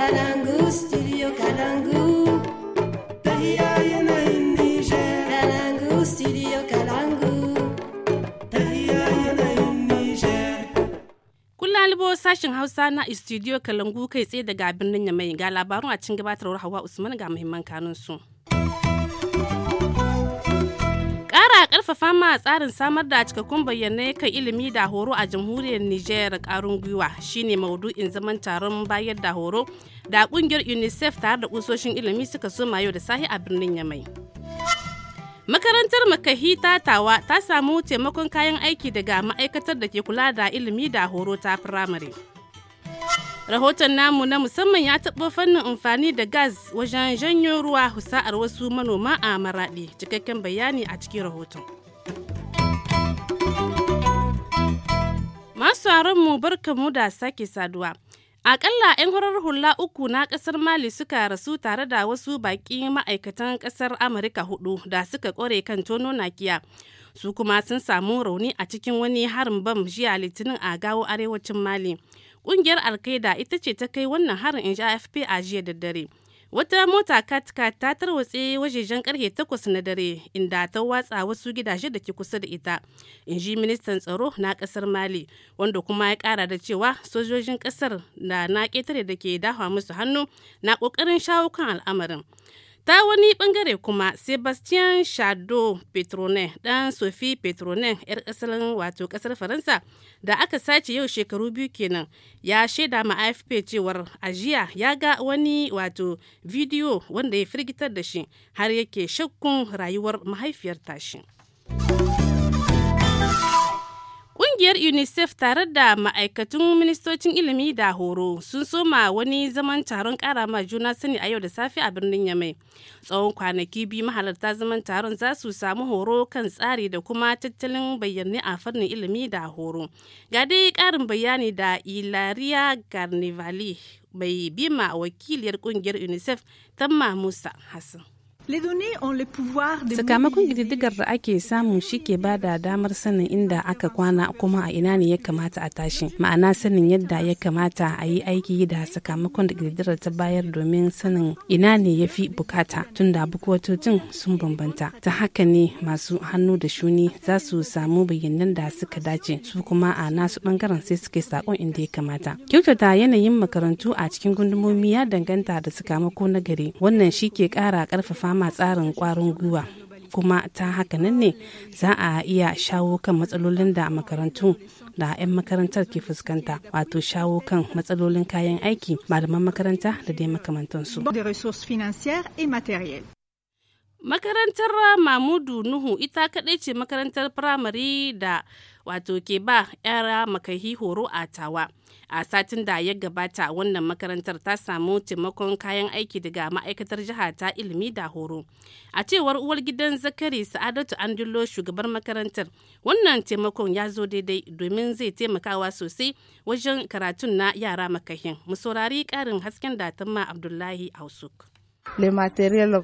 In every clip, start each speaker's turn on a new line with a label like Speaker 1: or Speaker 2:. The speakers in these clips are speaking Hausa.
Speaker 1: Kalangu, studio sashen Hausa na studio Kalangu kai tsaye daga birnin Yamai ga labarun a cin gabatarwar Hawa Usman ga muhimman kanunsu. karfafa ma tsarin samar da cikakkun bayanai kan ilimi da horo a jamhuriyar Nijar karun gwiwa shine maudu'in zaman taron bayar da horo da kungiyar UNICEF tare da kusoshin ilimi suka soma yau da sahi a birnin Yamai. Makarantar Makahi Tatawa ta samu taimakon kayan aiki daga ma'aikatar da ke kula da ilimi da horo ta firamare. rahoton namu na musamman ya taɓa fannin amfani da gas wajen janyo ruwa husa'ar wasu manoma a maraɗi cikakken bayani a cikin rahoton masu mu barkamu da sake saduwa Akalla 'yan horar hula uku na kasar Mali suka rasu tare da wasu baƙi ma'aikatan kasar Amurka hudu da suka ƙware kan tono nakiya. Su kuma sun samu rauni a cikin wani harin bam jiya litinin a gawo arewacin Mali. Ƙungiyar alkaida ita ce ta kai wannan harin in AFP a jiya da dare. Wata mota katkat ta tarwatse wajejen karfe takwas na dare inda ta watsa wasu gidaje da ke kusa da ita, in ji ministan tsaro na kasar Mali, wanda kuma ya kara da cewa sojojin kasar da na ketare da ke dafa musu hannu na kokarin shawo kan al'amarin. ta wani bangare kuma sebastian shado petronin dan sophie petronin yar asalin wato kasar faransa da aka sace yau shekaru biyu kenan ya shaida ma afp cewar ajiya ya ga wani wato bidiyo wanda ya firgitar da shi har yake shakkun rayuwar mahaifiyar tashi. Ƙungiyar UNICEF tare da ma'aikatun ministocin ilimi da horo sun soma wani zaman taron ƙara ma juna sani a yau da safe a birnin Yamai. Tsawon kwanaki biyu mahalarta zaman taron za su samu horo kan tsari da kuma tattalin bayyane a fannin ilimi da horo. Ga dai ƙarin bayani da Ilaria Garnivali mai bima wakiliyar ƙungiyar UNICEF Tamma Musa
Speaker 2: Hassan. Sakamakon
Speaker 1: ƙididdigar da ake samu shi ke ba da damar sanin inda aka kwana kuma a ina ne ya kamata a tashi. Ma'ana sanin yadda ya kamata a yi aiki da sakamakon da ƙididdigar ta bayar domin sanin ina ne ya fi bukata tunda bukwatocin sun bambanta. Ta haka ne masu hannu da shuni za su samu bayyanan da suka dace su kuma a nasu bangaren sai suke sakon inda ya kamata. Kyautata yanayin makarantu a cikin gundumomi ya danganta da sakamako na gari. Wannan shi ke ƙara ƙarfafa kama tsarin kwarin gwiwa kuma ta haka nan ne za a iya shawo kan matsalolin da makarantu da 'yan makarantar ke fuskanta wato shawo kan matsalolin kayan aiki malaman makaranta da dai makamantansu. makarantar mamudu nuhu ita kadai ce makarantar firamare da wato ke ba yara makahi horo a tawa a satin da ya gabata wannan makarantar ta samu taimakon kayan aiki daga ma'aikatar jiha ta ilimi da horo a cewar uwar gidan zakari sa'adatu andullo shugaban makarantar wannan taimakon ya zo daidai domin zai taimakawa sosai wajen karatun na yara makahin mu saurari karin hasken da tamma abdullahi ausuk le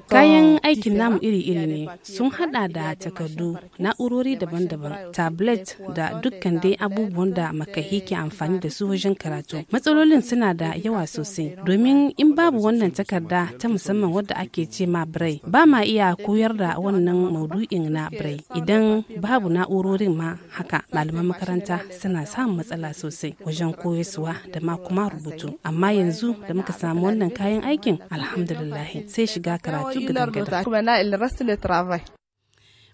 Speaker 1: Kayan aikin namu iri-iri ne sun hada da takardu, na'urori daban-daban, tablet da dukkan dai abubuwan da makahi ke amfani da su wajen karatu. Matsalolin suna da yawa sosai, domin in babu wannan takarda ta musamman wadda ake ce ma birai, ba ma iya koyar da wannan maudu'in na birai. Idan babu na'urorin ma haka, malaman makaranta suna samun matsala sosai wajen koyarwa da ma kuma rubutu. Amma yanzu da muka samu wannan kayan aikin, alhamdulillah. sai shiga karatu gadan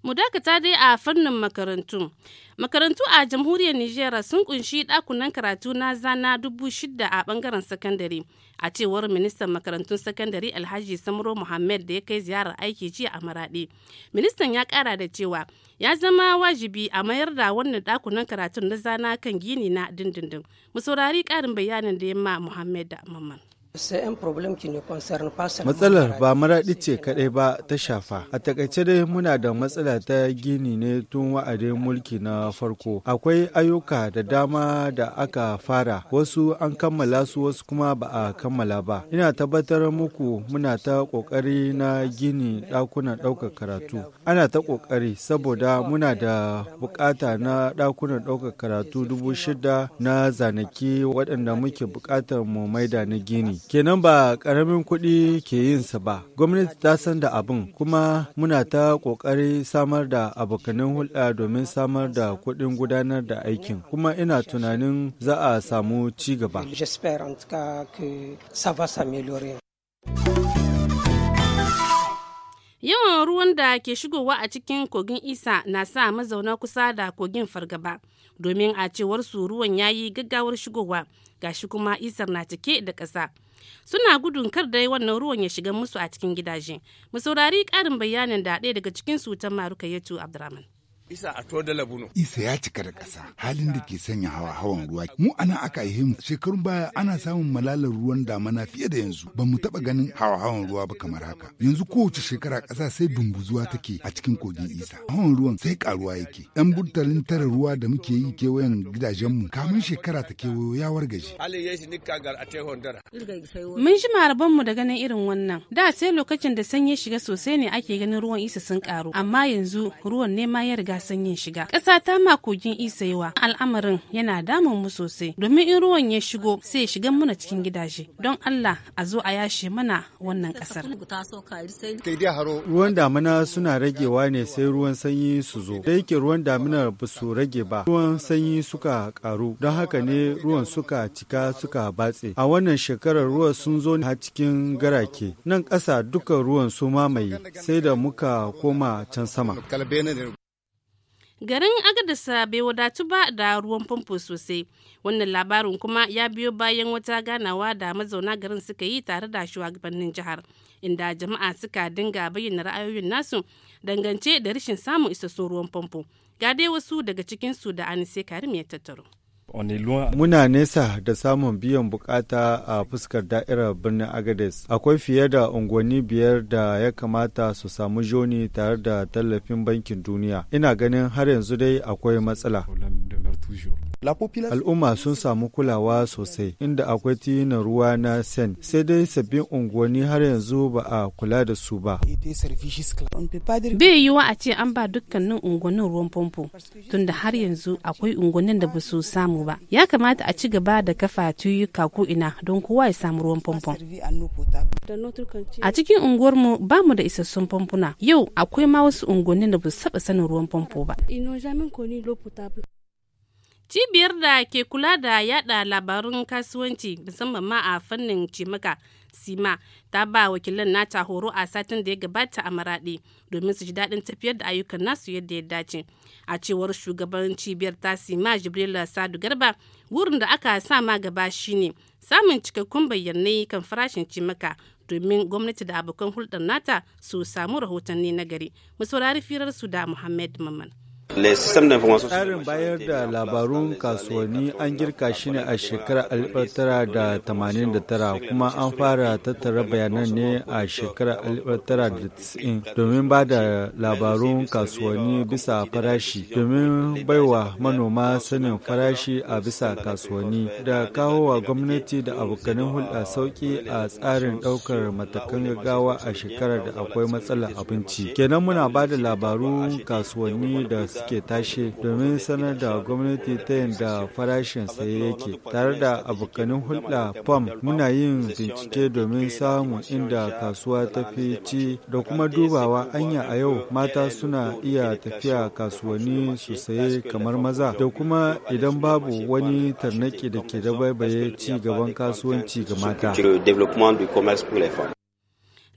Speaker 1: Mu dakata dai a fannin makarantu. Makarantu a jamhuriyar Nijera sun kunshi ɗakunan karatu na zana dubu shida a bangaren sakandare. A cewar ministan makarantun sakandare Alhaji Samro Muhammad da ya kai ziyarar aiki jiya a Maraɗe. Ministan ya kara da cewa ya zama wajibi a mayar da wannan ɗakunan karatun na zana kan gini na dindindin. Mu saurari ƙarin bayanin da ya ma Muhammad da Mamman.
Speaker 3: Matsalar ba maraɗi ce kaɗai ba ta shafa. A takaice dai muna da matsala ta gini ne tun wa'adin mulki na farko. Akwai ayyuka da dama da aka fara, wasu an kammala su wasu kuma ba a kammala ba. Ina tabbatar muku muna ta ƙoƙari na gini ɗakunan ɗaukar karatu. Ana ta ƙoƙari saboda muna da buƙata na ɗakunan ɗaukar karatu dubu shida na zanaki waɗanda muke buƙatar mu maida na gini. kenan ba ƙaramin kuɗi ke yin sa ba. Gwamnati ta san da abin kuma muna ta ƙoƙari samar da abokanin hulɗa domin samar da kuɗin gudanar da aikin kuma ina tunanin za a samu ci gaba.
Speaker 1: Yawan ruwan da ke shigowa a cikin kogin Isa na sa mazauna kusa da kogin fargaba domin a cewar su ruwan yayi gaggawar shigowa gashi kuma Isar na cike da ƙasa. suna gudun kar dai wannan ruwan ya shiga musu a cikin gidaje mu saurari karin bayanin da ɗaya daga cikin su ta maruka yato abdurrahman
Speaker 2: isa a to da labuno isa ya cika da ƙasa halin da ke sanya hawa hawan ruwa mu ana aka yi mu shekarun baya ana samun malalar ruwan damana fiye da yanzu ba mu taɓa ganin hawa hawan ruwa ba kamar haka yanzu kowace shekara ƙasa sai dumbuzuwa take a cikin kogin isa hawan ruwan sai ƙaruwa yake ɗan burtalin tara ruwa da muke yi kewayen gidajenmu kamun shekara ta kewayo ya wargaje
Speaker 1: mun shi mu da ganin irin wannan da sai lokacin da sanyi shiga sosai ne ake ganin ruwan isa sun karu. amma yanzu ruwan ne ma ya riga son yin shiga ƙasa ta ma kogin isaiwa al'amarin yana damun mu sosai domin in ruwan ya shigo sai ya shiga muna cikin gidaje don Allah a zo a yashe mana wannan ƙasar
Speaker 3: ruwan damina suna ragewa ne sai ruwan sanyi su zo da yake ruwan damina ba su rage ba ruwan sanyi suka karu don haka ne ruwan suka cika suka batse a wannan shekarar ruwan sun zo a cikin garake nan ƙasa duka ruwan su mamaye sai da muka koma can sama.
Speaker 1: garin agadasa bai wadatu ba da ruwan famfo sosai wannan labarin kuma ya biyo bayan wata ganawa da mazauna garin suka yi tare da shugabannin jihar inda jama'a suka dinga bayyana ra'ayoyin nasu dangance da rashin samun isassun ruwan famfo ga dai wasu daga cikinsu da anise karim ya tattaro
Speaker 3: Muna nesa da samun biyan bukata a fuskar da'irar birnin Agades. Akwai fiye da unguwanni biyar da ya kamata su samu joni tare da tallafin bankin duniya. Ina ganin har yanzu dai akwai matsala. Al'umma sun samu kulawa sosai inda akwai tinan ruwa na Sen, sai dai sabbin unguwanni har yanzu ba a kula da su ba.
Speaker 1: Bai yiwa a ce an ba dukkanin unguwannin ruwan famfo, tunda har yanzu akwai unguwannin da ba su samu ba. Ya kamata a ci gaba da kafa tuyuka ko ina don kowa ya samu ruwan famfo. A cikin unguwar mu ba mu da isassun famfuna. Yau akwai ma wasu unguwannin da ba su saba sanin ruwan famfo ba. cibiyar da ke kula da yada labarun kasuwanci musamman ma a fannin cimaka sima ta ba wakilan nata horo a satin da ya gabata a maraɗi domin su ji daɗin tafiyar da ayyukan nasu yadda ya dace a cewar shugaban cibiyar ta sima jibrila sadu garba wurin da aka sa ma gaba shine samun cikakkun bayyanai kan farashin cimaka domin gwamnati da abokan hulɗar nata su samu rahotanni na gari mu saurari firar su da muhammad maman
Speaker 3: Tsarin bayar da labarun kasuwanni an girka shi ne a shekarar 1989 kuma an fara tattara bayanan ne a shekarar 1990 domin ba da labarun kasuwanni bisa farashi domin baiwa manoma sanin farashi a bisa kasuwanni da kawo wa gwamnati da abokanin hulɗa sauƙi a tsarin ɗaukar matakan gaggawa a shekarar da akwai matsalar abinci. Kenan muna ba da labarun kasuwanni da suke tashe domin sanar da gwamnati ta yadda farashin saye yake tare da abokanin hulɗa fam muna yin bincike domin samun inda kasuwa ta fi ci da kuma dubawa anya a yau mata suna iya tafiya kasuwanni su saye kamar maza da kuma idan babu wani tarnaki da ke da ci gaban kasuwanci ga mata.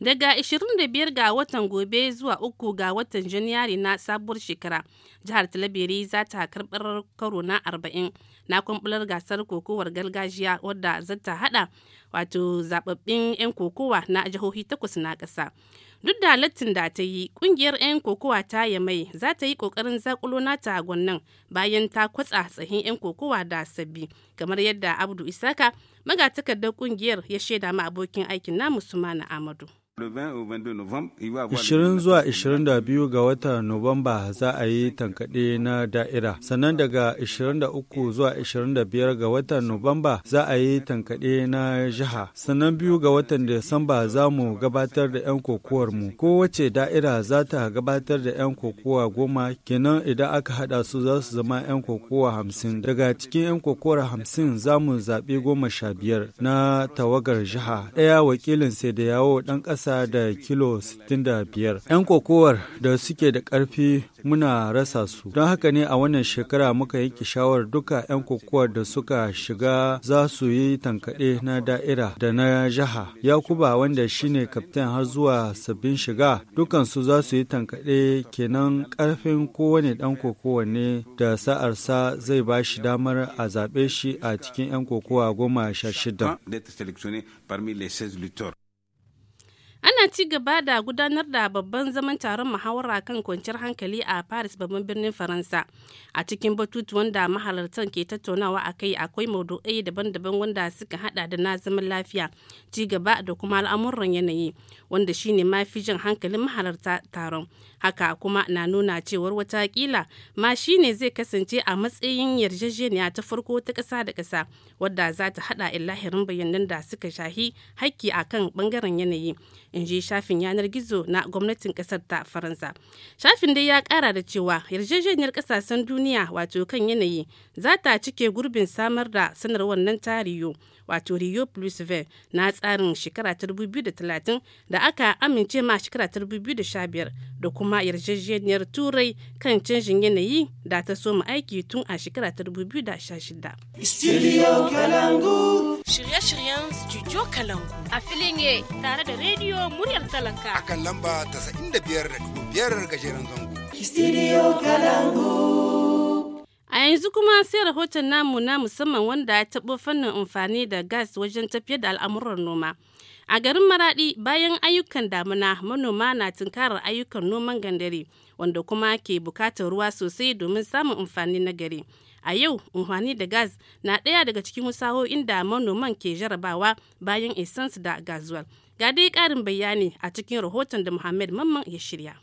Speaker 1: daga 25 ga watan gobe zuwa 3 ga watan janairu na sabuwar shekara jihar talabiri za ta karbar karo na 40 na kwambular gasar kokowar gargajiya wadda zata ta hada wato zababbin 'yan kokowa na jihohi takwas na ƙasa duk da lattin da ta yi ƙungiyar 'yan kokowa ta mai za ta yi ƙoƙarin zaƙulo na ta gwannan bayan ta kwatsa tsahin 'yan kokowa da sabbi kamar yadda abdu isaka magatakardar ƙungiyar ya shaida ma abokin aikin namu sumana amadu
Speaker 3: 20 zuwa 22 ga watan Nuwamba za a yi tankaɗe na da'ira, sannan daga 23 zuwa 25 ga watan Nuwamba za a yi tankaɗe na jiha, sannan biyu ga watan Disamba za mu gabatar da 'yan kokowarmu. Kowace da'ira za ta gabatar da 'yan kokowa goma, kenan idan aka haɗa su za su zama 'yan kokowa hamsin. Daga cikin 'yan kokowar hamsin za mu zaɓi goma sha biyar na tawagar jiha, ɗaya wakilin sai da yawo ɗan ƙasa ƙasa da kilo 65 'yan kokowar da suke da ƙarfi muna rasa su don haka ne a wannan shekara muka yanke shawarar duka 'yan kokowar da suka shiga za su yi tankaɗe na da'ira da na jiha yakuba wanda shine kaftan har zuwa sabbin shiga dukansu za su yi tankaɗe kenan ƙarfin kowane ɗan kokowa ne da sa'arsa zai ba shi damar a zaɓe shi a cikin 'yan kokowa goma sha shida
Speaker 1: And ana ci gaba da gudanar da babban zaman taron muhawara kan kwanciyar hankali a paris babban birnin faransa a cikin batutu wanda mahalartan ke tattaunawa a kai akwai maudu'ai daban-daban wanda suka hada da na zaman lafiya ci gaba da kuma al'amuran yanayi wanda shine mafi jan hankalin mahalarta taron haka kuma na nuna cewar watakila ma shine zai kasance a matsayin yarjejeniya ta farko ta kasa da kasa wadda za ta hada illahirin bayanan da suka shahi hakki akan bangaren yanayi je shafin yanar gizo na gwamnatin kasar ta faransa shafin dai ya kara da cewa yarjejeniyar kasashen duniya wato kan yanayi za ta cike gurbin samar da sanarwar nan ta riyo wato rio plus na tsarin shekara ta 2030 da aka amince ma shekara ta 2015 da kuma yarjejeniyar turai kan canjin yanayi da ta soma aiki tun a shekara ta 2016
Speaker 2: studio kalangu
Speaker 1: shirye-shiryen studio kalangu a filin ye tare da rediyo muryar talaka
Speaker 2: akan lamba 95.5 gajeren zango
Speaker 1: studio kalangu A yanzu kuma sai rahoton namu na musamman wanda ya taɓo fannin amfani da gas wajen tafiyar da al'amuran noma. A garin Maradi bayan ayyukan damuna manoma na tunkarar ayyukan noman gandare wanda kuma ke bukatar ruwa sosai domin samun amfani na gari. A yau amfani da gas na ɗaya daga cikin wasahohin inda manoman ke jarabawa bayan essence da gazuwal. Ga dai ƙarin bayani a cikin rahoton da Muhammad Mamman ya shirya.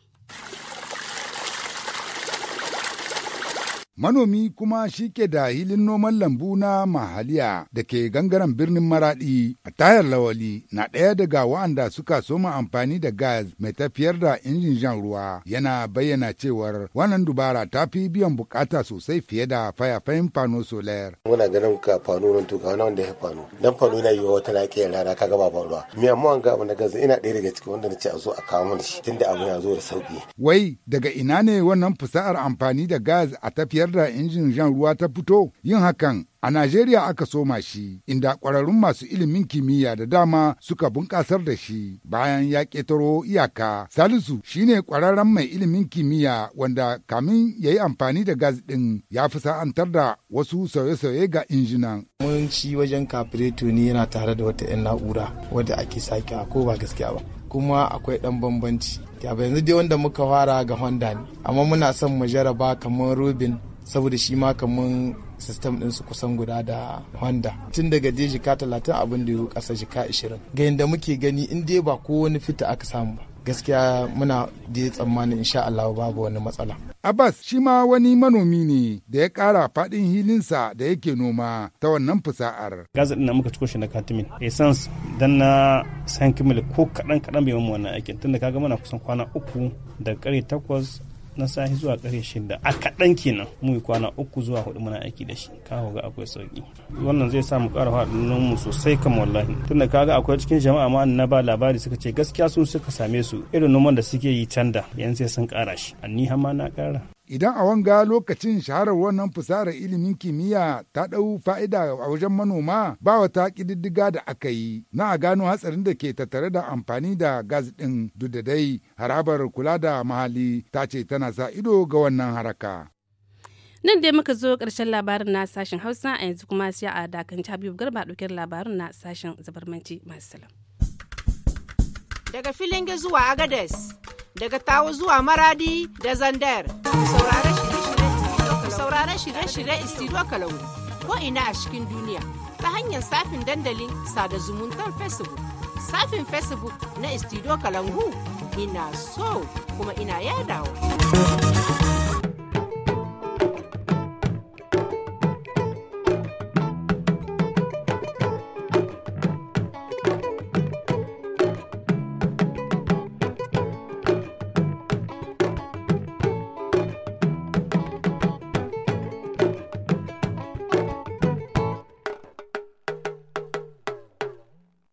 Speaker 2: Manomi kuma shi ke da hilin noman lambu na mahaliya da ke gangaren birnin maradi a tayar lawali na ɗaya daga wa'anda suka soma amfani da gas mai tafiyar da injin jan ruwa yana bayyana cewar wannan dubara ta fi biyan bukata sosai fiye da fayafayin fano solar.
Speaker 3: Muna ganin ka fano nan tuka wani wanda ya fano. Dan fano yana yiwa wata laƙiyar rana ka gaba ruwa. mi amma an ga abu na gaza ina ɗaya daga cikin wanda na ce a zo a kawo mana shi tunda abu ya zo da sauki.
Speaker 2: Wai daga ina ne wannan fusa'ar amfani da gas a tafiyar biyar da injin jan ruwa ta fito yin hakan a Najeriya aka soma shi inda ƙwararrun masu ilimin kimiyya da dama suka bunƙasar da shi bayan ya ƙetaro iyaka. Salisu shine ƙwararren mai ilimin kimiyya wanda kamin ya yi amfani da gas ɗin ya fi sa'antar da wasu sauye-sauye ga injinan. Mun ci wajen kafireto ne yana tare da wata 'yan na'ura wadda ake sake ko ba gaskiya ba. kuma akwai ɗan bambanci. Ya yanzu dai wanda muka fara ga Honda ne, amma muna son mu jaraba kamar Robin saboda shi ma kaman sistem din su kusan guda da honda tun daga je jika talatin abin da ya kasa jika ashirin ga yadda muke gani in dai ba ko wani fita aka samu ba gaskiya muna da tsammanin insha Allah babu wani matsala. Abbas shi ma wani manomi ne da ya kara fadin hilinsa da yake noma ta wannan fusa'ar. Gaza ɗin na muka ciko shi na katimin. sans dan na san kimil ko kadan kadan bai mamu wannan aikin tunda kaga muna
Speaker 3: kusan kwana uku da ƙarfe takwas na sahi zuwa karfe shida a kaɗan kenan mu yi kwana uku zuwa hudu muna aiki da shi kawo ga akwai sauki wannan zai sa mu ƙara haɗin mu sosai kamar wallahi tunda ka ga akwai cikin jama'a ma na ba labari suka ce gaskiya sun suka same su irin noman da suke yi canda yanzu sai sun ƙara shi ni har ma na ƙara
Speaker 2: Idan a wanga lokacin shaharar wannan fusarar ilimin kimiyya ta ɗau fa'ida a wajen manoma ba wata ƙididdiga da aka yi na a gano hatsarin da ke tattare da amfani da gas ɗin dudadai da harabar kula da mahali ta ce tana sa ido ga wannan haraka.
Speaker 1: Nan dai muka zo ƙarshen labarin na sashen Hausa a yanzu kuma sai a dakanci Habibu Garba ɗaukar labarin na sashen zabarmanci masu salam. Daga filin zuwa Agades. daga tawo zuwa maradi da zandar. Saurare shirye-shirye Istiduwa Kalangu ko ina a cikin duniya ta hanyar safin dandalin sada zumuntar Facebook. Safin Facebook na Istiduwa Kalangu ina so kuma ina yadawa.